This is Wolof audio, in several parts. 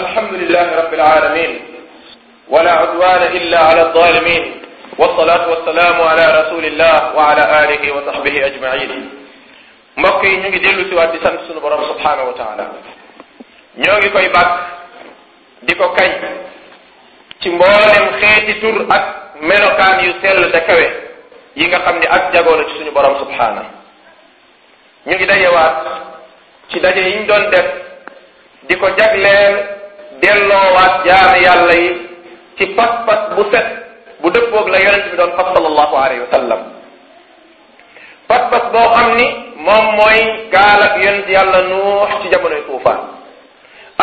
alhamdulillahi rabbil alamin wala udwana illa ala adh-dhalimin wasalaatu wasalaamu ala rasulillah wa ala alihi wa mbokk yi ñu ngi dellu si waat di sant sunu borom subhanahu wa taala ñoo ngi koy bàkk di ko kañ ci mboolem xeeti tur ak melokaan yu sell te yi nga xam ni ak jagoo ci suñu borom subhana ñu ngi dajewaat ci daje yiñ doon def di ko jagleel delloowaat jaami yàlla yi ci pas-pas bu set bu dëppoog la yonent bi doon fab sallallahu alayhi wa sallam pas boo xam ni moom mooy gaal yonent yàlla nuux ci jamonoy tuufaan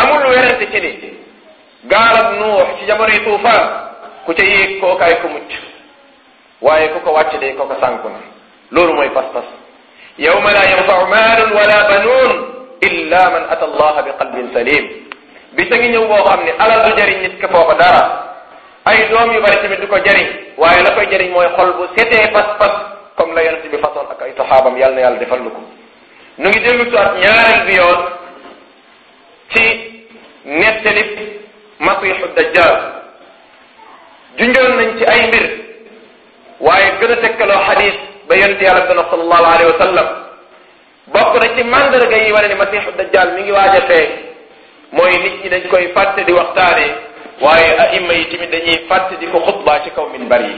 amul werante ci ni gaal ak nuux ci jamonoy tuufaan ku ca yéeg kookaay ko mucc waaye ku ko wàcc de kooko sànku na loolu mooy pas-pas yawma la yanfau maalun wala banuun illa man ata allaha bi qalbin salim bi sa ngi ñëw boo am ne alal du jariñ nit ki foofa dara ay doom yu bari tamit du ko jariñ waaye la koy jariñ mooy xol bu setee pas-pas comme la yonent bi façon ak ay saxaabam yàlla na yàlla defal lu ko nu ngi dellu si at ñaareel bi yoon ci nettalib masiixu nañ ci ay mbir waaye gën a tekkaloo xadis ba yonent yàlla gën a sallallahu alayhi wa sallam bokk na ci mandarga yi wane ne masiixu dajjal mi ngi waaj a mooy nit ñi dañ koy fàtte di waxtaane waaye aima yi tamit dañuy fàtte di ko xutbaa ci kaw minbar yi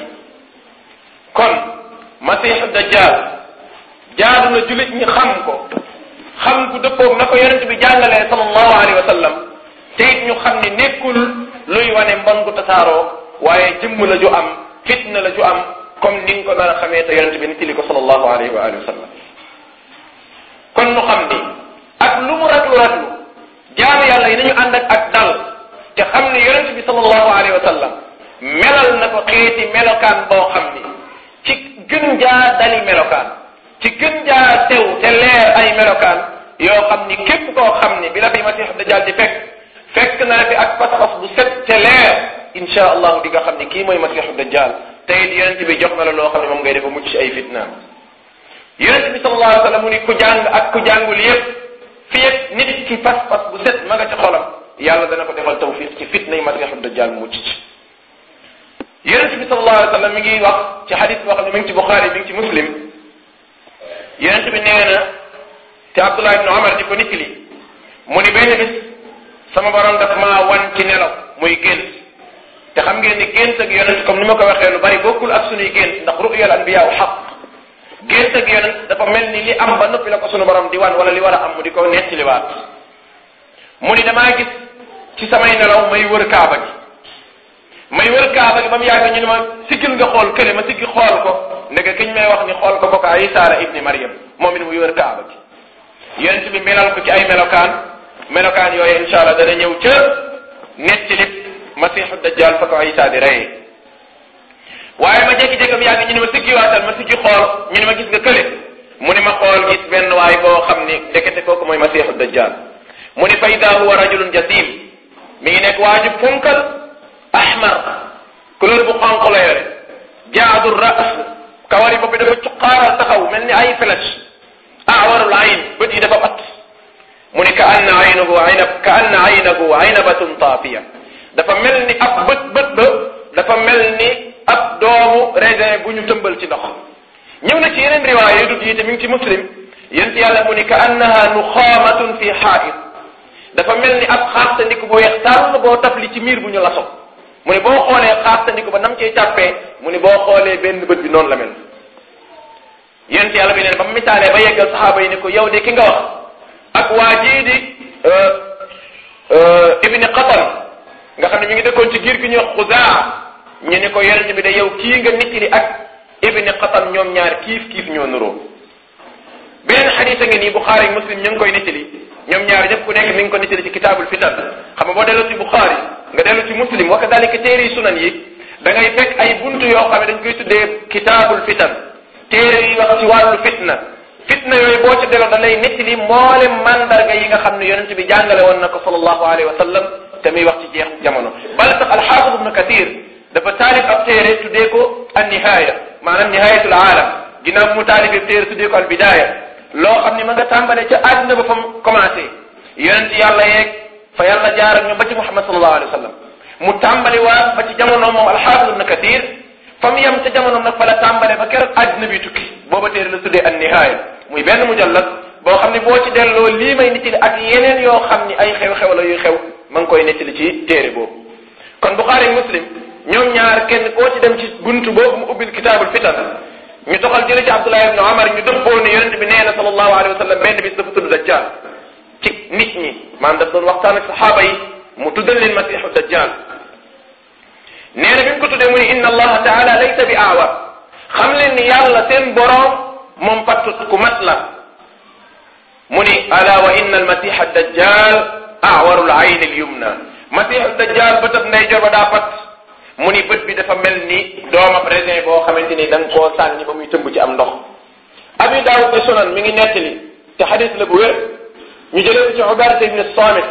kon masiixu dajjal jaadu na jullit ñi xam ko xam ku dëppoog na ko yonent bi jàngalee sallallahu alayhi wa sallam te ñu xam ni nekkul luy wane mbon gu tasaaroo waaye jëmm la ju am fitna la ju am comme ni nga ko nar a xamee te yonent bi nettali ko sallallahu alayhi wa alihi kon ñu xam ni ak lu mu raglu raglu jaamu yàlla yi nañu ànd ak ak dal te xam ne yonente bi sallallahu alayhi wa sallam melal na ko xeeti melokaan boo xam ni ci gën jaa dali melokaan ci gën jaa tew te leer ay melokaan yo xam ni képp koo xam ni bi la fi masix dajal di fekk fekk na fi ak pas-pas bu set te leer insha allahu di nga xam ni kii mooy masixu dajjal tey it yonente bi jox na loo xam ne moom ngay defa mucc ci ay fitnaam yonente bi sallallahu alayhi wa sallam mu ku jàng ak ku jàngul yépp fii nit ki pas-pas bu ma nga ci xolam yàlla dana ko defal tawfiq ci fitna yi masiixu dajjal mucc ci yonent bi sallallahu alayhi wa mi ngi wax ci xadis boo xam ne mi ngi ci Buxaari mi ci Muslim yonent bi nee na Abdullah ibn Umar di ko nit li mu ni benn bis sama borom daf maa wan ci nelaw muy gént te xam ngeen ni gént ak yonent comme ni ma ko waxee lu bari bokkul ak ndax ru'yal anbiyaa xaq gént ak yonent dafa mel ni li am ba noppi la ko sunu borom di wan wala li war a am mu di ko nettaliwaat mu ni damaa gis ci samay nelaw may wër kaaba gi may wër kaaba gi ba mu yàgg ñu ne ma siggil nga xool kële ma siggi xool ko ndeke kiñ may wax ni xool ko kooka Isa la ibni Maryam moom it muy wër kaaba gi yonent bi melal ko ci ay melokaan melokaan yooyu incha da dana ñëw ca nettali masiixu dajjal fa ko Isa di rey waaye ma jékki-jékki am yàgg ñu ne ma sikki waatal ma sikki xool ñu ne ma gis nga kële mu ne ma xool gis benn waay boo xam ni ndekete kooku mooy masiixu dajjal mu ne fa idaa huwa rajulun jasim mi ngi nekk waaju punkal ahmar couleur bu xonq la yore jaadu ras kawar yi bopp bi dafa cuqaaral taxaw mel ni ay flèche awarul ayn bët yi dafa bat mu ne ka anna aynahu aynab ka anna aynahu aynabatun taafiya dafa mel ni ab bët bët ba dafa mel ni ab doomu raisin bu ñu tëmbal ci ndox ñëw na ci yeneen riwaaya yu dut yi te mi ngi ci muslim yéen ci yàlla mu ni ka annaha nuxaamatun fi xaa'id dafa mel ni ab xaastandiku bu weex tàll boo taf li ci miir bu ñu laso mu ne boo xoolee xaastandiku ba nam cey càppee mu ne boo xoolee benn bët bi noon la mel yéen ci yàlla bi neen ba mu ba yeggal saxaaba yi ni ko yaw de ki nga wax ak waa jii di euh, euh, ibni qatal nga xam ne mi ngi dëkkoon ci giir gi ñuy wax ñu ni ko yonent bi da yow kii nga nettali ak ibni xatam ñoom ñaar kiif kiif ñoo nuroo beneen xadis a ngi nii Buxaari Muslim ñu ngi koy nettali ñoom ñaar ñëpp ku nekk mi ngi ko nettali ci kitaabul fitan xam nga boo delloo ci Buxaari nga delloo ci Muslim wa kadalika téere yi sunan yi da ngay fekk ay buntu yoo xam ne dañ koy tuddee kitaabul fitan téere yi wax ci wàllu fitna fitna yooyu boo ci delloo da lay nettali mboolem mandarga yi nga xam ne yonent bi jàngale woon na ko sallallahu alayhi wa sallam te muy wax ci jeex jamono bala alxaafis ibnu kathir dafa taalif ab téere tuddee ko an nihaaya maanaam nihayatul aalam ginnaaw mu taalif ab téere tuddee ko al bidaaya loo xam ni ma nga tàmbalee ca àdduna ba fa mu commencé yonent yàlla yeeg fa yàlla jaar ak ba mu tàmbali waa ba ci jamono moom alxaafis ibn kathir fa mu yem ca jamono nag fa la tàmbale ba keroog àdduna bi tukki booba téere la tuddee an nihaaya muy boo xam ni boo ci delloo lii ma nettali ak yeneen yoo xam ni ay xew-xew la yuy xew ma ngi koy nettali ci téere boobu ñoom ñaar kenn koo ci dem ci buntu boobu mu ubbil kitaabul fitan ñu toxal jële ci Abdullah ibn Omar ñu dëppoo ni yonent bi nee na sallallahu alayhi wa sallam benn bis dafa tudd dajjal ci nit ñi maanaam daf doon waxtaan ak saxaaba yi mu tuddal leen masiixu dajjal nee bi mu ko tuddee muy inna allaha taala ni yàlla seen moom pattut ku mat la mu ni ala wa inna almasiixa dajjal aawaru l ayn al yumna masiixu dajjal ba taf ndeyjoor ba daa mu ni bët bi dafa mel ni doomab raisin boo xamante ni da nga koo sànni ba muy tëmb ci am ndox abi daawud de sunan mi ngi nettali te xadis la bu wér ñu jëlee ko ci ubaadata ibne samit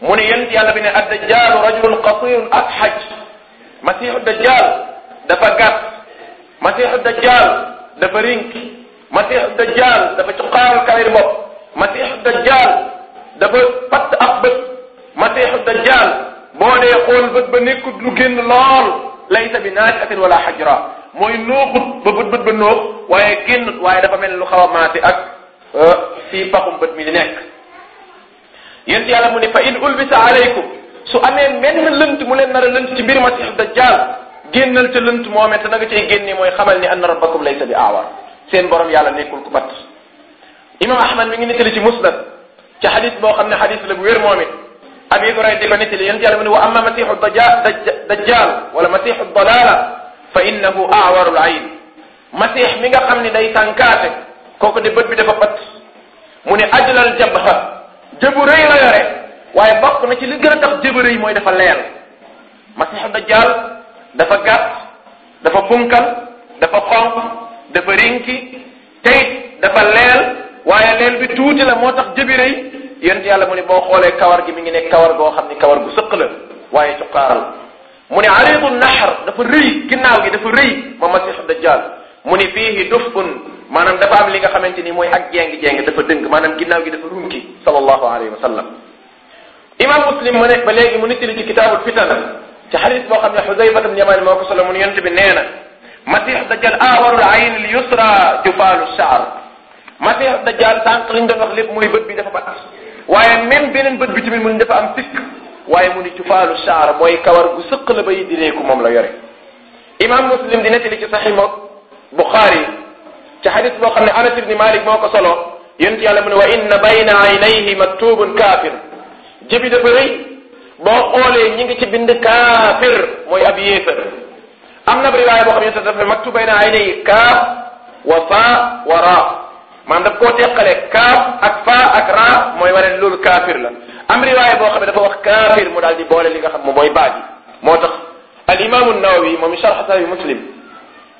mu ne yent yàlla bi ne addajaalu rajulun qasirun ashaj masiixu dajjaal dafa gàtt masiixu dajjaal dafa rink masiixu dajjaal dafa ci xaaral kaayri bopp masiixu dajjaal dafa patt ak bët masiixu dajjaal boo dee bët ba nekkut lu génn lool laysa bi naajatin wala xajra mooy nooxut ba bët bët ba noox waaye génnut waaye dafa mel lu xaw a maati ak euh, fii paxum bët mi di nekk yent yàlla mu ne fa in ulbisa alaykum su amee menn lënt mu leen nar a ci mbir masiix dajjal génnal ca lënt moomee te na nga cay génne mooy xamal ni anna rabbakum laysa bi aawar seen borom yàlla nekkul ku batt imam ahmad mi ngi nettali ci musnad ci xadis boo xam ne xadis la bu wér abi hurayra di ko nettali yonent yàlla mu ne wa amma masihu dajjal dajjal wala masihu dalala fa innahu awaru layn masih mi nga xam ne day sànkaate kooku de bët bi dafa pat mu ne ajlal jabha jëbu rëy la yore waaye bokk na ci li gën a tax jëbu rëy mooy dafa leer masihu dajjal dafa gàtt dafa punkal dafa xonq dafa rinki teyit dafa leel waaye leel bi tuuti la moo tax jëbi yonent yàlla mu ne boo xoolee kawar gi mi ngi nekk kawar goo xam ni kawar gu sëq la waaye cuqaaral mu ne aridu naxar dafa rëy ginnaaw gi dafa rëy ma masiixu dajjal mu ni fiihi dufun maanaam dafa am li nga xamante ni mooy ak jéng jéng dafa dëng maanaam ginnaaw gi dafa runki sallallahu alayhi wa sallam imam muslim mu ne ba léegi mu nittali ci kitaabul fitan ci xadis boo xam ne xusaybat ibn yaman moo ko solo mu ne yonent bi nee na masih dajjal aawarul ayn al yusra jufaalu shaar masih dajjal sànq liñ doon wax lépp muy bët bi dafa bat waaye même beneen bët bi tamit mu ne dafa am sikk waaye mu ni cufaalu shaara mooy kawar gu sëq la bay direeku moom la yore imam muslim di nettali ci saxi mook buxaari ci xadis boo xam ne anas ibni malik moo ko solo yonent yàlla mu ne wa inna bayna aynayhi maktubun kaafir jëbi dafa rëy boo xoolee ñi ngi ci bind kaafir mooy ab yéefar am na riwaaya boo xam ne dafa maktub bayna aynayhi kaaf wa faa wa raa maanaam daf koo teqale kaaf ak fa leen loolu kaafir la am riwaaya boo xam ne dafa wax kaafir mu daal di boole li nga xam moom mooy baat yi moo tax al imaamu nawawi moom sharh sahih muslim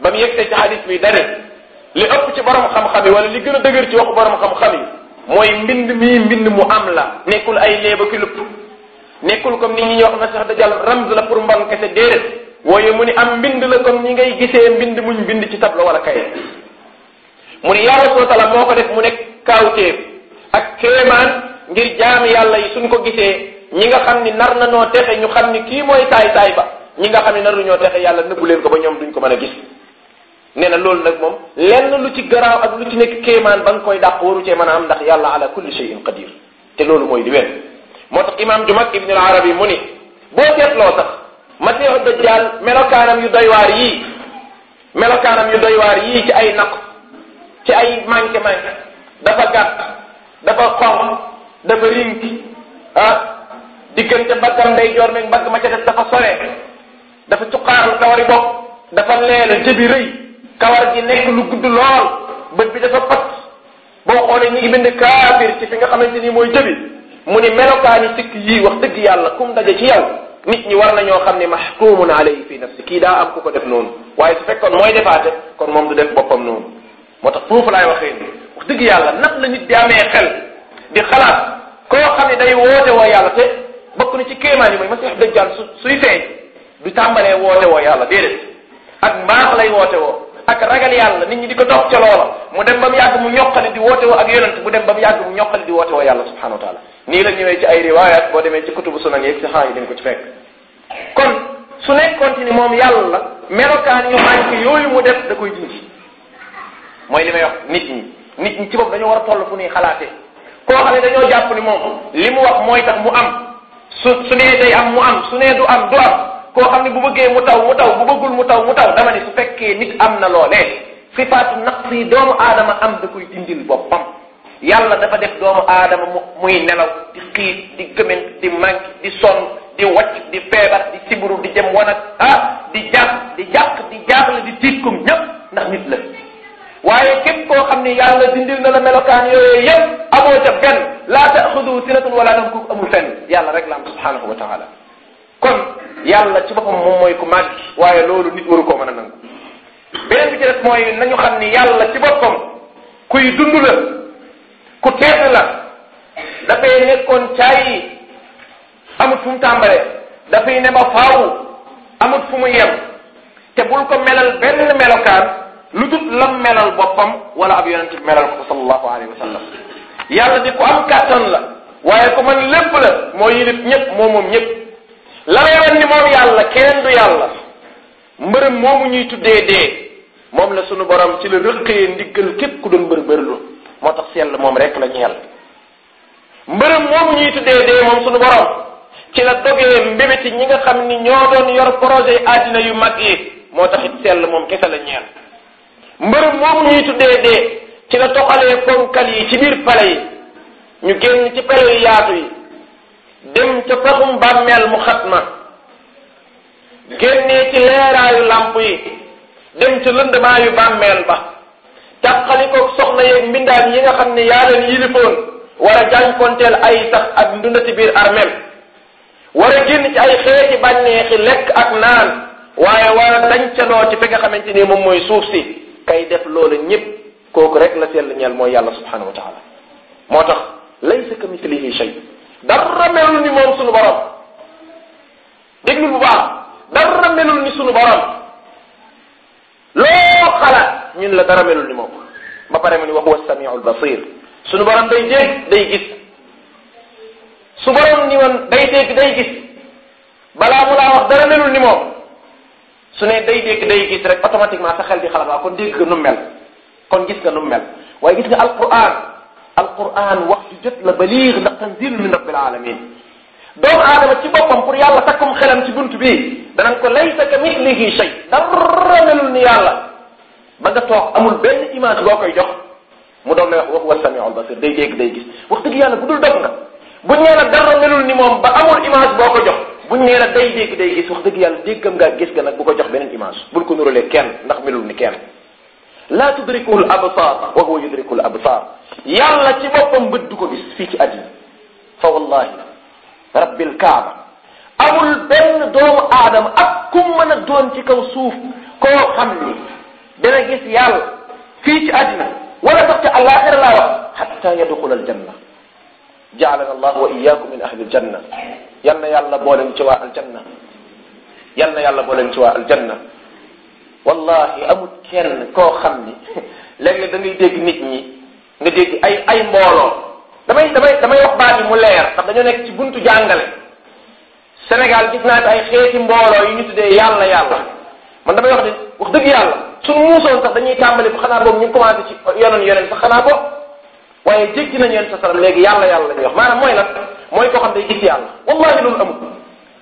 ba mu yegsee ci li ëpp ci borom xam-xam yi wala li gën a dëgër ci waxu borom xam-xam yi mooy mbind mii mbind mu am la nekkul ay léeba ki lupp nekkul comme ni ñuy wax na sax dajal ramz la pour mbon kese déedéet wooye mu ni am mbind la comme ñi ngay gisee mbind muñ bind ci tableau wala kaye mu ni yàlla soo tala mu nekk kaawteef ak kéemaan ngir jaami yàlla yi suñ ko gisee ñi nga xam ni nar na ñoo texe ñu xam ni kii mooy saay saay ba ñi nga xam ni naru ñoo texe yàlla nëbbu leen ko ba ñoom duñ ko mën a gis nee na loolu nag moom lenn lu ci garaaw ak lu ci nekk kéemaan ba nga koy dàq waru cee mën a am ndax yàlla ala kulli shay'in qadir te loolu mooy di wenn moo tax imaam ju mag ibnul arabi mu ni boo seetloo sax masiixu dajjaal melokaanam yu doy waar yii melokaanam yu doy waar yii ci ay naq ci ay manqué manqué dafa gàtt dafa xonq dafa rinki ah diggante mbaggam day joor meeg mbagg ma ca def dafa sore dafa cuqaaral kawari bopp dafa leer jëbi rëy kawar gi nekk lu gudd lool bët bi dafa pat boo xoolee ñu ngi bind kaafir ci fi nga xamante ni mooy jëbi mu ni melokaani sikk yii wax dëgg yàlla kum daje ci yow nit ñi war nañoo xam ne maxkumun alayhi fi nafsi kii daa am ku ko def noonu waaye su fekkoon mooy defaate kon moom du def boppam noonu moo tax foofu laay waxee ni wax dëgg yàlla nag la nit di amee di xalaat koo xam ne day woote woo yàlla te bokk na ci kéemaan yi ma masiix dajjal su suy feeñ du tàmbalee woote woo yàlla déedéet ak mbaax lay woote woo ak ragal yàlla nit ñi di ko dox ca loola mu dem ba mu yàgg mu ñoqale di woote woo ak yonent mu dem ba mu yàgg mu ñoqale di woote woo yàlla subhanahu wa nii la ñëwee ci ay riwayat boo demee ci kutubu sunan yeeg si xaa yi ko ci fekk kon su nekkoon ci ni moom yàlla melokaan yu manque yooyu mu def da koy dindi mooy li may wax nit ñi nit ñi ci bopp dañoo war a toll fu ñuy xalaatee koo xam ne dañoo jàpp ni moom li mu wax mooy tax mu am su su nee day am mu am su nee du am du am koo xam ne bu bëggee mu taw mu taw bu bëggul mu taw mu taw dama ni su fekkee nit am na loolee sifaatu naqs yi doomu aadama am da dindi dindil boppam yàlla dafa def doomu aadama mu muy nelaw di xiif di gëmen di manque di sonn di wacc di feebar di siburu di jëm wanag ah di jàpp di jàq di jaaxle di tiit comme ñëpp ndax nit la waaye képp koo xam ni yàlla dindil na la melokaan yooyu yëpp amoo ca benn laa taaxudu sinatun wala nam ku amul fenn yàlla rek la am subhaanahu wa taala kon yàlla ci boppam moom mooy ku màgg waaye loolu nit waru koo mën a nangu beneen bi ci des xam ni yàlla ci boppam kuy dund la ku teet la dafay nekkoon caayi amut fu mu tàmbalee dafay ne ma faaw amut fu mu yem te bul melal benn melokaan lu dut lam melal boppam wala ab yonent bi melal ko sallallahu alayhi yàlla di ko am kàttan la waaye ko man lépp la moo yilif ñëpp moo moom ñëpp la meyoon ni moom yàlla keneen du yàlla mbërëm moomu ñuy tuddee dee moom la sunu borom ci la rëqee ndiggal képp ku doon bërbërlu moo tax si yàlla moom rek la ñeel mbërëm moomu ñuy tuddee dee moom sunu borom ci la dogee mbébéti ñi nga xam ni ñoo doon yor projet yi àddina yu mag yi moo taxit sell moom kese la ñeel mbër moomu ñuy tuddee dee ci la toxalee ponkal yi ci biir pale yi ñu génn ci pale yu yaatu yi dem ca faxum bàmmeel mu xat ma génnee ci leeraayu làmp yi dem ci lëndmaayu bàmmeel ba tàqalikoog soxna yeeg mbindaan yi nga xam ne yaa leen yilifoon war a jànkonteel ay sax ak ndunda ci biir armeel war a génn ci ay xeeti bànneexi lekk ak naan waaye war a dancanoo ci fi nga xamante ni moom mooy suuf si kay def loola ñëpp kooku rek la sell ñeel mooy yàlla subhanahu wa taala moo tax laysa ka mislihi shay dara melul ni moom sunu borom déglul bu baax dara melul ni sunu borom loo xalaat ñun la dara melul ni moom ba pare mu ni wa huwa samiul basir sunu borom day dégg day gis su borom ni woon day dégg day gis balaa mu laa wax dara melul ni moom su ne day dégg day gis rek automatiquement sa xel di xalaat waaw kon dégg nga nu mel kon gis nga nu mel waaye gis nga alquran alquran wax ju jot la baliir ndax tanzil min rabbil alamin doomu aadama ci boppam pour yàlla takkum xelam ci bunt bi danañ ko laysa ka mitlihi shay dara melul ni yàlla ba nga toog amul benn image boo koy jox mu doon lay wax wa samiul basir day dégg day gis wax dëgg yàlla bu dul dog na bu ñu la dara ni moom ba amul image boo ko jox buñ nee la day gis wax dëgg yàlla déggam ngaa gis nga nag bu ko jox beneen image bul ko nuralee kenn ndax melul ni kenn laa tudrikuhu l absar wa huwa yudriku l absar yàlla ci boppam bët du ko gis fii ci àddina fa wallahi rabbil kaaba amul benn doomu aadama ak kum a doon ci kaw suuf koo xam ni dana gis yàlla fii ci àddina wala sax ca àllaaxira laa wax xatta yadxula aljanna jaalana allah wa iyaakum min ahli aljanna yal na yàlla booleen ci waa aljanna yal na yàlla booleen ci waa aljanna wallahi amul kenn ko xam ni léeg-léeg da ngay nit ñi nga dégg ay ay mbooloo damay damay damay wax baat mu leer ndax dañoo nekk ci buntu jàngale Sénégal gis naa fi ay xeeti mbooloo yu ñu tuddee yàlla yàlla man damay wax ni wax dëgg yàlla suñu muusoon sax dañuy tàmbali fa xanaa boobu ñu commencé ci yonoon yoneen sax xanaa boobu waaye jéggi nañu yonent sa salaam léegi yàlla yàlla la ñuy wax maanaam mooy lan mooy koo xam day gis yàlla wallahi loolu amul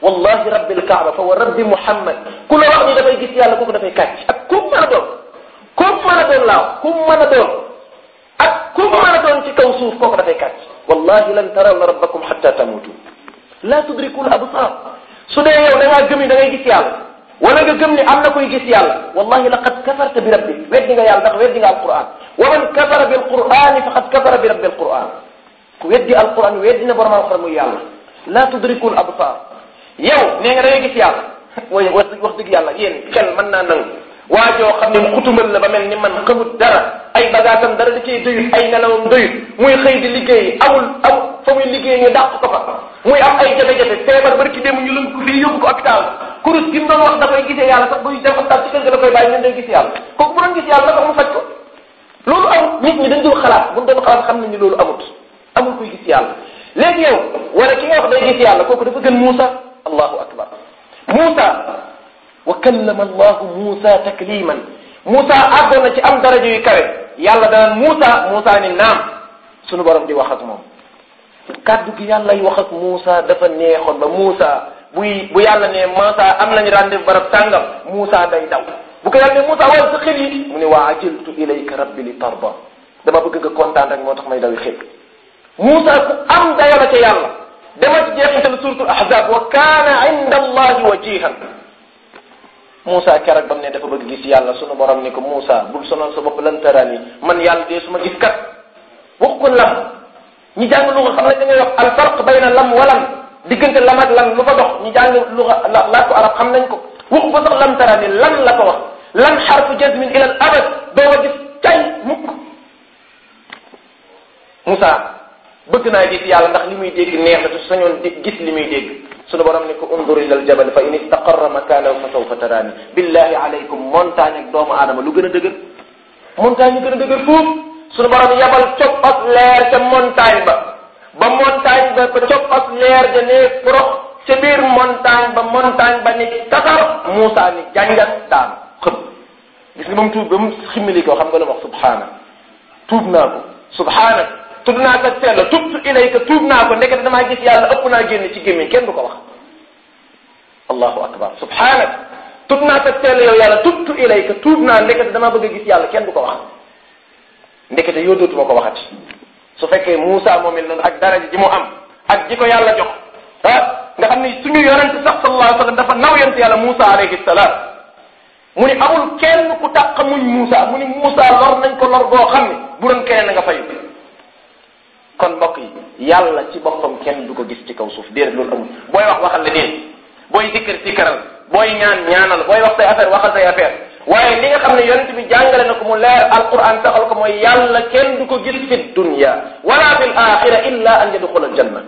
wallahi rabbil kaaba fa wa rabbi muhammad ku la wax ni dafay gis yàlla kooku dafay kàcc ak kum mën a doon kum mën a doon laaw kum mën a doon ak kum mën a doon ci kaw suuf kooku dafay kàcc wallahi lan tarawna rabbakum hatta tamutu la tudrikul absar su dee yow da ngaa gëm ni da ngay gis yàlla wala nga gëm ni am na koy gis yàlla wallahi laqad kafarta bi rabbik weddi nga yàlla ndax weddi nga alquran wa man kafara bil qur'ani faqad kafara bi rabbil qur'an ku weddi alquran weddina borom alquran muy yàlla la tudrikul absar yow nee nga da ngay gis yàlla way wax dëgg yàlla yéen xel mën naa nangu waa joo xam ne xutumal la ba mel ni man xamut dara ay bagaasam dara da cay doyut ay nelawam doyut muy xëy di liggéey amul am fa muy liggéey ñu dàq ko fa muy am ay jafe-jafe feebar barki dem ñu lëng ko fii yóbbu ko hôpital kurus gi mu doon wax da koy gisee yàlla sax buy dem hôpital ci kër ga da koy bàyyi ñun day gis yàlla kooku bu doon gis yàlla dafa mu faj ko loolu amut nit ñi dañ doon xalaat bu doon xalaat xam nañ ni loolu amut amul kuy gis yàlla léegi yow wala ki nga wax day gis yàlla kooku dafa gën Moussa allahu akbar Moussa wa kallama allahu Moussa takliman Moussa àggoon na ci am daraja yi kawe yàlla danaan Moussa Moussa ni naam sunu borom di wax ak moom kàddu gi yàlla yi wax ak Moussa dafa neexoon ba Moussa buy bu yàlla ne Moussa am nañu rendez-vous barab sàngam Moussa day daw bu ko yàlla ne Moussa wal sa xel yi mu ne waa ajiltu ilayka rabbi li tarda dama bëgg nga kontaan rek moo tax may dawi xel am ku am dayo la ca yàlla dama ci jeexital suratul ahzab wa kaana inda allahi wajihan Moussa keroog ba mu ne dafa bëgg gis yàlla sunu borom ni ko Moussa bul sonal sa bopp lan tarani man yàlla dee su ma gis kat wax ko lam ñi jàng lu nga xam ne dañuy wax al farq bayna lam walam diggante lam ak lu fa dox ñi jàng lu la laa ko arab xam nañ ko wax ko sax lam lan la ko lan xarfu jazmin ila al abad doo ma gis cay mukk Moussa bëgg naa gis yàlla ndax li muy dégg neex na te sañoon di gis li muy dégg sunu borom ne ko undur ila al jabal fa in istaqarra makanahu fa sawfa tarani billahi alaykum montagne ak doomu aadama lu gën a dëgër montagne a dëgër foofu sunu yabal cop leer ca montagne ba ba ba ba leer ja nee prox ca biir montagne ba montagne ba ni tasar Moussa ni jàngat daan xëm gis nga ba mu tuub ba mu ximmili ko xam nga la wax subhaana tuub naa ko subhaana tuub naa ko seetla tubtu ilayka naa ko ndekete damaa gis yàlla ëpp naa génn ci gémmiñ kenn du ko wax allahu akbar subhaana tuub naa ko seetla yow yàlla tubtu ilayka tuub naa ndekete damaa bëgg a gis yàlla kenn du ko wax ndekete yoo dootuma ko waxati su fekkee Moussa moom it noonu ak ji mu am ak ji ko yàlla jox ah nga xam ni suñu yonent sax sallallahu alayhi wa sallam dafa naw yonent yàlla Moussa alayhi salaam mu ni amul kenn ku tàq muñ Moussa mu ni Moussa lor nañ ko lor boo xam ne bu doon keneen na nga fayu kon mbokk yi yàlla ci boppam kenn du ko gis ci kaw suuf déedéet loolu amul booy wax waxal la neen booy sikkar sikkaral booy ñaan ñaanal booy wax say affaire waxal say affaire waaye li nga xam ne yonent bi jàngale na ko mu leer alquran saxal ko mooy yàlla kenn du ko gis fi dunya wala fil axira illa an yadxul aljanna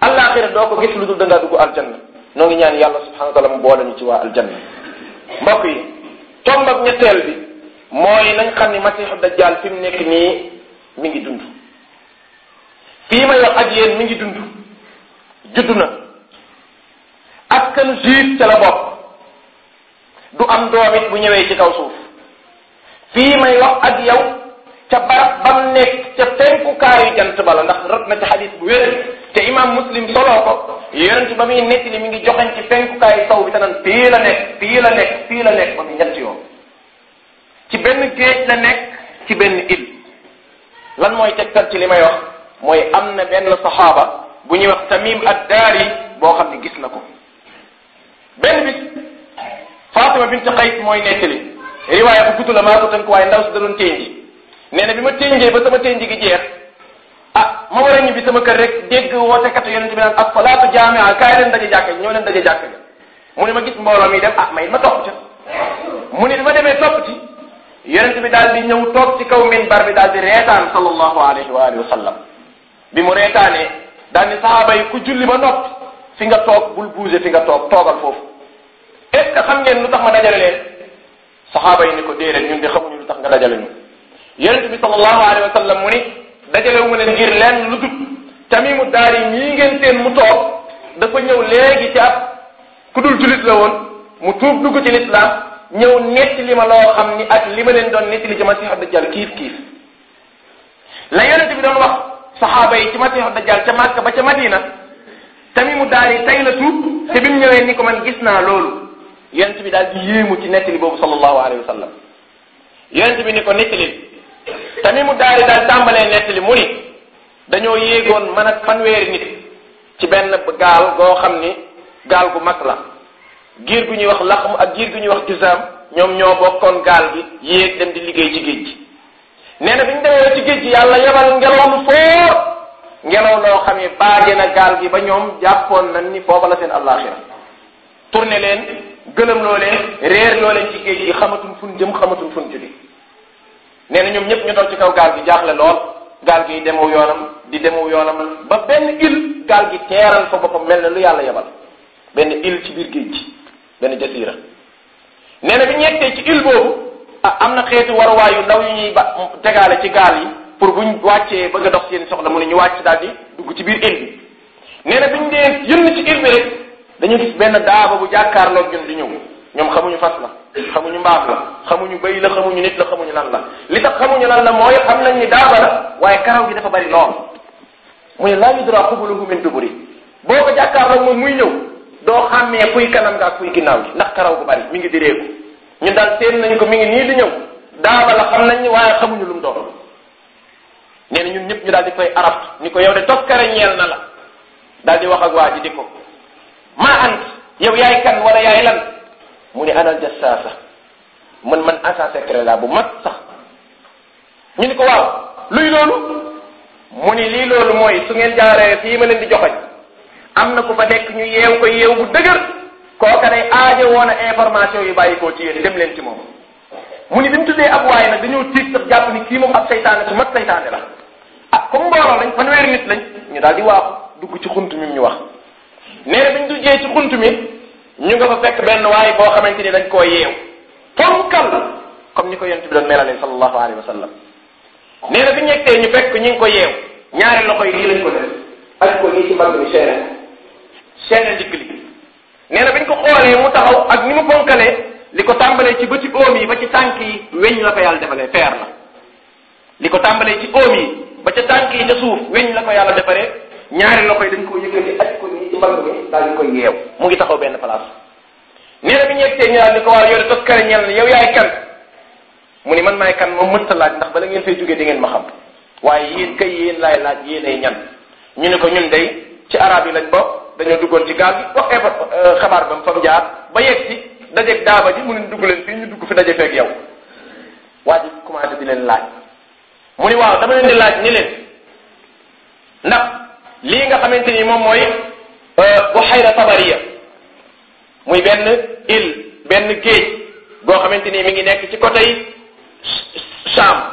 alaxira doo ko gis lu dul dangaa dugg aljanna noo ñaan yàlla subhanahu wa taala mu boole ci waa aljanna mbokk tomb ak ñetteel bi mooy nañ xam ni masiixu dajjaal fi mu nekk nii mi ngi dund fii may wax ak yéen mi ngi dund juddu na askan juif ca la bopp du am doom bu ñëwee ci kaw suuf fii may wax ak yow ca barab bam nekk ca penkukaayu jant bala ndax rot na ci bu wér te imam muslim soloo ko yonent ba muy nettali mi ngi joxañ ci fenkukaayu taw bi te naan fii la nekk fii la nekk fii la nekk ba yoon ci benn géej la nekk ci benn île lan mooy tegtal ci li may wax mooy am na benn saxaaba bu ñuy wax tamim ad-daari boo xam ne gis na ko benn bis Fatima bint Qays mooy nettali riwaaya bu gudd la maa ko tënk waaye ndaw si da doon ténji nee na bi ma ténjee ba sama ténji gi jeex ma war a ñibbi sama kër rek dégg wootekatu yonente bi naan ak salaatu jaamia kaay leen daje jàkka ji ñoo leen daje jàkka ji mu ne ma gis mbooloo mi dem ah may ma topp ca mu ne bi ma demee topp ci daal di ñëw toog ci kaw minbar bi daal di reetaan sallallahu alayhi wa alihi wa sallam bi mu reetaanee daal di sahaaba yi ku julli ba noppi fi nga toog bul bouger fi nga toog toogal foofu est ce que xam ngeen lu tax ma dajale leen sahaaba yi ni ko déedéet ñun di xamuñu lu tax nga dajale dajalewu ma leen ngir lenn lu dut tamimu daar yi ñii ngeen seen mu toog dafa ñëw léegi ci ab ku dul jullit la woon mu tuub dugg ci lislaam ñëw netti li ma loo xam ni ak li ma leen doon netti li ci masiixa dajjal kiif kiif la yonent bi doon wax saxaaba yi ci masiixa dajjal ca Màkka ba ca Madina tamimu daar yi tey la tuub te bi mu ñëwee ni ko man gis naa loolu yonent bi daal di yéemu ci nettali boobu sallallahu alayhi wa sallam yonent bi ni ko nettali tamimu daari daal tàmbalee nettali mu ni dañoo yéegoon man ak fanweeri nit ci benn gaal goo xam ni gaal gu mag la giir gu ñuy wax mu ak giir gu ñuy wax gisaam ñoom ñoo bokkoon gaal gi yéeg dem di liggéey ci géej gi nee na bi ñu demee ci géej gi yàlla yebal ngelaw lu foor ngelaw loo xam ne baage na gaal gi ba ñoom jàppoon nañ ni foofa la seen àllaaxira tourné leen gëlëm loo leen réer loo leen ci géej gi xamatuñ fun jëm xamatuñ fun jóge nee ñoom ñëpp ñu toog ci kaw gaal gi jaaxle lool gaal gi demew yoonam di demew yoonam ba benn île gaal gi teeral fa boppam mel na lu yàlla yebal benn île ci biir géej gi benn jasiira nee bi ñettee ci île boobu ah, am na xeeti waruwaay yu ndaw yu ñuy ba tegaale ci gaal yi pour buñ wàccee bëgg a dox seen soxla mu ne ñu wàcc daal di dugg ci biir île bi nee na biñ dee yënn ci île bi dañu gis benn daaba bu jàkkaarloog ñun di ñëw ñoom xamuñu fas la xamuñu mbaas la xamuñu bëy la xamuñu nit la xamuñu lan la li tax xamuñu lan la mooy xam nañ ni daaba la waaye karaw gi dafa bari lool mu ne laa yudra xubuluhu min duburi boo ko jàkkaarloo moom muy ñëw doo xàmmee kuy kanam nga ak kuy ginnaaw gi ndax karaw gu bari mu ngi direeku ñun daal seen nañ ko mi ngi nii di ñëw daaba la xam nañ waaye xamuñu lu mu doon nee na ñun ñëpp ñu daal di koy arab ni ko yow de toskare ñeel na la daal di wax ak waa ji di ko mu ne anal jassaasa man man agent secret laa bu mat sax ñu ni ko waaw luy loolu mu ni lii loolu mooy su ngeen jaaree fii ma leen di joxoñ am na ko fa nekk ñu yeew ko yeew bu dëgër kooka day aajo woon a information yu bàyyikoo ci yéen dem leen ci moom mu ni bi mu tuddee ab waay nag dañoo tiit sax jàpp ni kii moom ab saytaane su mag saytaane la ah comme mbooloo lañ fanweeri nit lañ ñu daal di waaxu dugg ci xunt mi ñu wax nee na dañ duggee ñu nga fa fekk benn waaye boo xamante ni dañ koo yeew ponkal comme ni ko yonent bi doon melalee sallallahu alayhi wa sallam nee na bi ñettee ñu fekk ñu ngi ko yeew ñaari loxo yi lii lañ ko def ak ko nii ci mbagg bi seene seene ndigg ñu ko xoolee mu taxaw ak ni mu li ko tàmbalee ci ba ci oom yi ba ci tànk yi weñ la ko yàlla defalee feer la li ko tàmbalee ci oom yi ba ca tànk yi ca suuf weñ la ko yàlla defaree ñaari loxo yi dañ koo yëkkati ak ci mbagg mi daal di koy yeew mu ngi taxaw benn place nee na bi ñu ko waar yow de toskare mu ni man maay kan moom mënta laaj ndax bala ngeen fay jógee di ngeen ma waaye yéen yéen laay laaj yéen ay ñu ne ko ñun day ci arab yi lañ bokk dañoo duggoon ci gaal gi wax euh, xabaar bam fam jaar ba yegg si dajeeg ji mu ne leen fii ñu dugg fi daje feeg yow waa ji commencé di leen laaj mu ni waaw dama leen di laaj ni leen ndax lii nga xamante ni moom mooy Euh, Buhayra Tabariya muy benn île benn géej goo xamante ni mi ngi nekk ci côté yi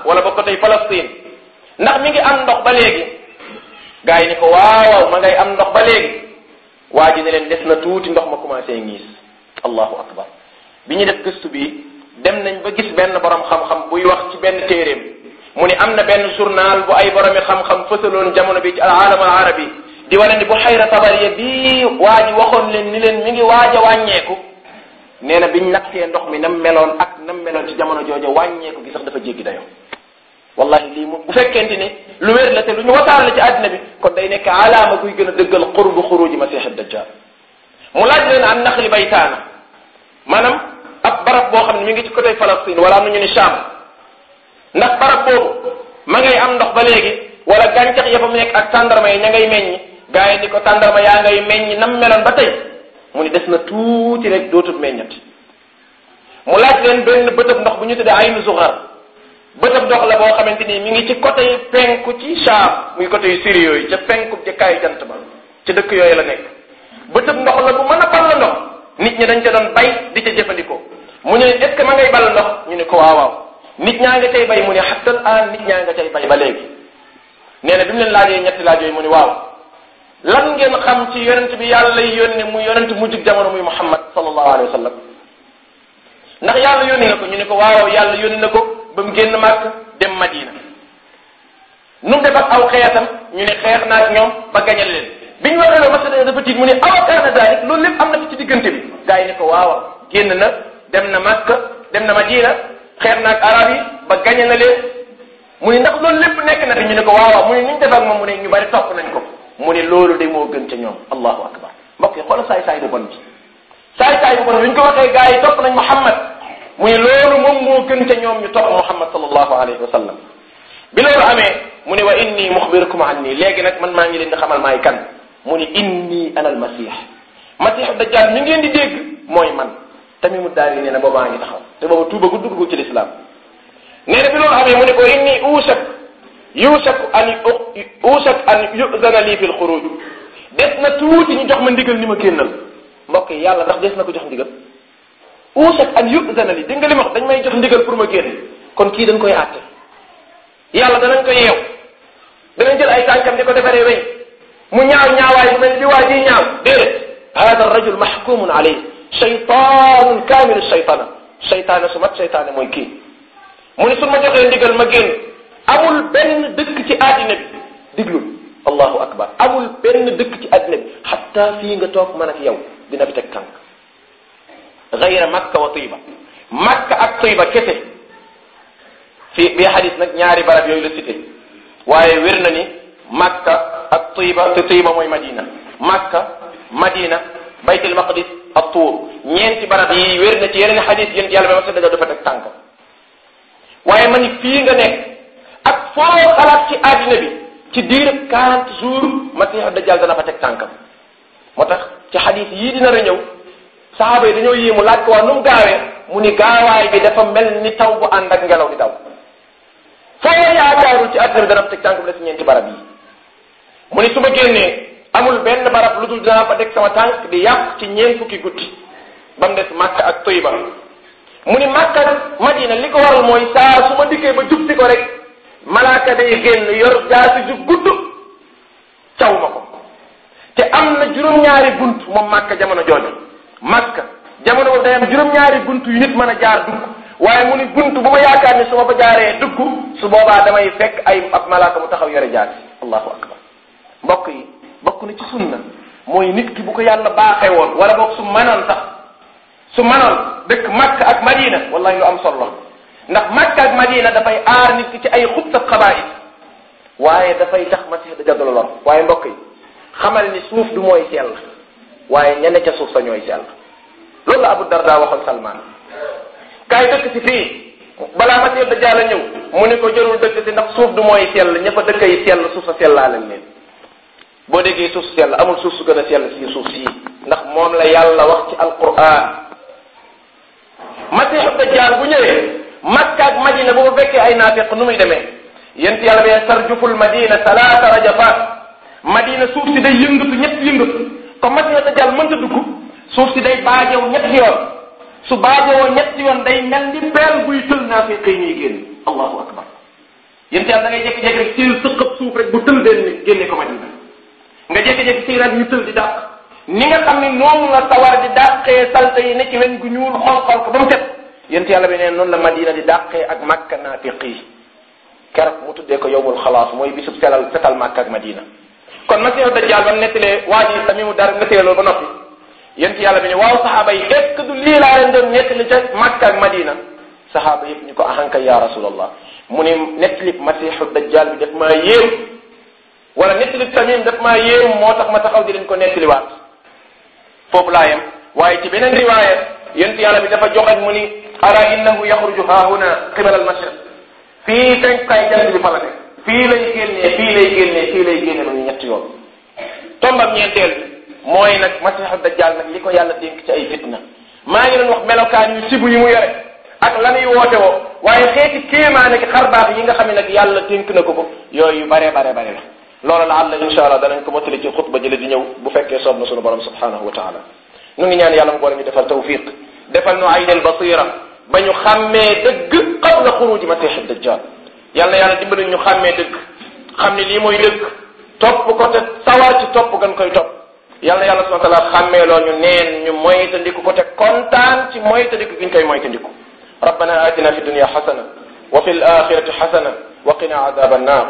wala ba côté yi Palestine ndax mi ngi am ndox ba léegi gars yi ni ko waaw ma ngay am ndox ba léegi waa ji ne leen des na tuuti ndox ma commencé ngiis allahu akbar bi ñu def gëstu bi dem nañ ba gis benn borom xam-xam buy wax ci benn téeréem mu ni am na benn journal bu ay boromi xam-xam fësaloon jamono bi ci al alam al arabi di wane ni bu xayra sabariya bii waa ji waxoon leen ni leen mi ngi waaj a wàññeeku nee na biñ nattee ndox mi nam meloon ak nam meloon ci jamono jooja wàññeeku gi sax dafa jéggi dayoo wallahi lii moom bu fekkente ni lu wér la te lu ñu wasaar la ci àddina bi kon day nekk alaama guy gën a dëggal qurbu xuruji masiix dajjal mu laaj leen an naxli baytaana maanaam ak barab boo xam ne mu ngi ci côté Palestine wala am ñu ni Cham ndax barab boobu ma ngay am ndox ba léegi wala gàncax ya fa mu nekk ak tàndarma yi ña ngay meññi gaa yi ni ko tàndarma yaa ngay meññ nam meloon ba tey mu ni des na tuuti rek meñ meññat mu laaj leen benn bëtëb ndox bu ñu tuddee aynu zuxar bëtëb ndox la boo xamante ni mu ngi ci côté yi penku ci Shaam muy côté yu Syrie yooyu ca penku yi jant ba ca dëkk yooyu la nekk bëtëb ndox la bu mën a ball ndox nit ñi dañ ca doon bay di ca jëfandikoo mu ne est ce ma ngay ball ndox ñu ne ko waaw waaw nit ñaa nga cay bay mu ne xattal aan nit ñaa nga cay bay ba léegi nee na bi mu leen laajee ñetti laaj yooyu mu ne waaw lan ngeen xam ci yonent bi yàlla yónni mu yonent mujjug jamono muy muhammad sallallahu alayhi wa sallam ndax yàlla yónni na ko ñu ne ko waaw yàlla yónni na ko ba mu génn màkk dem madina nu mu def ak aw xeetam ñu ne xeex naa ñoom ba gañal leen bi ñu waxee loolu masala dafa tiit mu ne awa kaana daalik loolu lépp am na fi ci diggante bi gars yi ko waaw génn na dem na màkk dem na madina xeex naa ak arab yi ba gañe na leen mu ne ndax loolu lépp nekk na fi ñu ne ko waaw mu ne ni ñu def mu ne ñu bari topp nañ ko mu ne loolu de moo gën ca ñoom allahu akbar mbokk yi xoolal saay saay bu bon bi saay saay bu bon bi ñu ko waxee gars nañ mu ne loolu moom moo gën ca ñoom ñu topp Muhammad sallallahu alayhi wa sallam bi loolu amee mu ne wa inni muxbirukum anni léegi nag man maa xamal maay kan mu ne inni ana almasih masihu dajjal mi ngeen di dégg mooy man tamimu daari nee na boobaa ngi taxaw te booba tuuba gu dugg ci lislaam nee na bi loolu amee mu inni uusab yuusaku an yuusak an yuzana lii fil xuruj na tuuti ñu jox ma ndigal ni ma génnal mbokk yi yàlla ndax des na ko jox ndigal uusak an yuzana lii dégg nga li ma wax dañ may jox ndigal pour ma génn kon kii dañ koy àtte yàlla danañ ko yeew danañ jël ay tànkam di ko defaree wey mu ñaaw ñaawaay bu mel li waa ji ñaaw déedéet hada rajul maxkumun alayh shaytaanun kaamilu shaytaana shaytaana su ma shaytaane mooy kii mu ne su ma joxee ndigal ma génn amul benn dëkk ci addina bi diglul allahu akbar amul benn dëkk ci addina bi xatta fii nga toog man yow dina teg tànk gayra makka wa tiba makka ak tiba kese fi bi xadis nag ñaari barab yooyu la cité waaye na ni makka ak tiba te tiba mooy madina makka madina baytul maqdis ak tuur ñeenti barab yi wér na ci yeneen xadis yéen yàlla ba ma sa daga dafa teg tànk waaye ma ni fii nekk ak foo xalaat ci àddina bi ci diir quarante jours masiixu dajjal dana fa teg tànkam moo tax ci xadis yii dina la ñëw saxaaba yi dañoo yéemu laaj ko waa nu mu gaawee mu ni gaawaay bi dafa mel ni taw bu ànd ak ngelaw di taw foo yaakaarul ci àddina bi dana fa teg tànk la si ñeenti barab yi mu ni su ma génnee amul benn barab lu dul dinaa fa teg sama tànk di yàq ci ñeent fukki guddi ba mu des Makka ak Toyiba mu ni Makka Madina li ko waral mooy saa ba jub malaaka day génn yor jaasi jub gudd caw ma ko te am na juróom-ñaari bunt moom màkka jamono jooju màkka jamono boobu day am juróom-ñaari bunt yu nit mën a jaar dugg waaye mu ni bunt bu ma yaakaar ni su ma ba jaaree dugg su boobaa damay fekk ay ab malaaka mu taxaw yore jaasi allahu akbar mbokk yi bokk na ci sunna mooy nit ki bu ko yàlla baaxee woon wala boog su mënoon sax su mënoon dëkk màkka ak madina wallahi lu am solo ndax Makka ak Madina dafay aar nit ki ci ay xubsa xabaa'is waaye dafay tax Masiix da jaglu waaye mbokk yi xamal ni suuf du mooy sell waaye ñene ca suuf sa ñooy sell loolu la Abu Darda waxoon Salman kaay dëkk si fii balaa Masiix da jaala ñëw mu ni ko jërul dëkk si ndax suuf du mooy sell ña fa dëkk yi sell suuf sa la leen boo déggee suuf si sell amul suuf su gën a sell si suuf sii ndax moom la yàlla wax ci alquran Masiixu Dajjaal bu ñëwee makka ak madina bu ko fekkee ay naafeq nu muy demee yent yàlla bee sarjuful madina salaata rajafaat madina suuf si day yëngatu ñett yëngatu comme madina ta jàll mënta dugg suuf si day baajew ñetti yoon su baajewoo ñetti yoon day mel ni peel buy tël naafeq yi génn allahu akbar yent yàlla da ngay jékki-jékki rek seen sëqab suuf rek bu tël deen ni génne ko madina nga jékki-jékki seen ak ñu tël di dàq ni nga xam ne noonu la sawar di dàqee salte yi ne ci wen gu yent yàlla bi neen noonu la madina di dàqee ak makka naafiq yi keroog mu tuddee ko yowmul xalaas mooy bisub selal setal makka ak madina kon masiixu dajjaal ba mu nettalee waa ji tamit mu dara nettalee yàlla bi ne waaw saxaaba yi est ce que du lii laa leen doon nettali ca makka ak madina saxaaba yëpp ñu ko ahanka ya rasulallah mu ne nettali masiixu dajjaal bi daf maa yéem wala nettali tamim daf maa yéem moo tax ma taxaw di leen ko nettaliwaat foofu laa yem waaye ci beneen riwaaya yent yàlla bi dafa joxañ mu ni ara innahu yaxruju haahuna qibala al mashriq fii fenkaay jant bi fa la ne fii lay génnee fii lay génnee fii lay génne ba ñu ñetti yoon tombam ñeenteel mooy nag da dajjaal nag li ko yàlla dénk ci ay fitna maa ngi doon wax melokaan yu sibu yi mu yore ak lanuy woote woo waaye xeeti kéemaane ki xarbaax yi nga xam ne nag yàlla dénk na ko ko yooyu yu bare bare bare la loola la àll insha allah danañ ko mottali ci xutba jële di ñëw bu fekkee soob na sunu borom subhanahu wa nu ngi ñaan yàlla mu boole ñu defal tawfiq defal nu aynel basira ba ñu xàmmee dëgg qabla xuruji masih dajjal yàlla yàlla dimbali ñu xàmmee dëgg xam ne lii mooy dëgg topp ko te sawar ci topp gan koy topp yàlla yàlla subhanahu wa taala xàmmee loo ñu neen ñu moytandiku ko te kontaan ci moytandiku gi ñu koy moytandiku rabbana atina fi dunya xasana wa fi alaxirati xasana wa qina adaba annar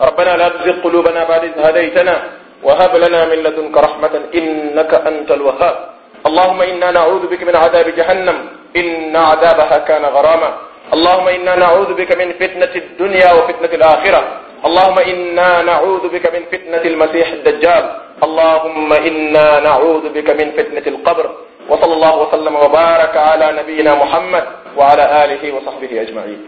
rabbana la tuzig qulubana ba'da id hadaytana wa hab lana min ladunka rahmatan innaka anta alwahhab اللهم إنا نعوذ بك من عذاب جهنم إن عذابها كان غراما اللهم إنا نعوذ بك من فتنة الدنيا وفتنة الآخرة اللهم إنا نعوذ بك من فتنة المسيح الدجال اللهم إنا نعوذ بك من فتنة القبر وصلى الله وسلم وبارك على نبينا محمد وعلى آله وصحبه أجمعين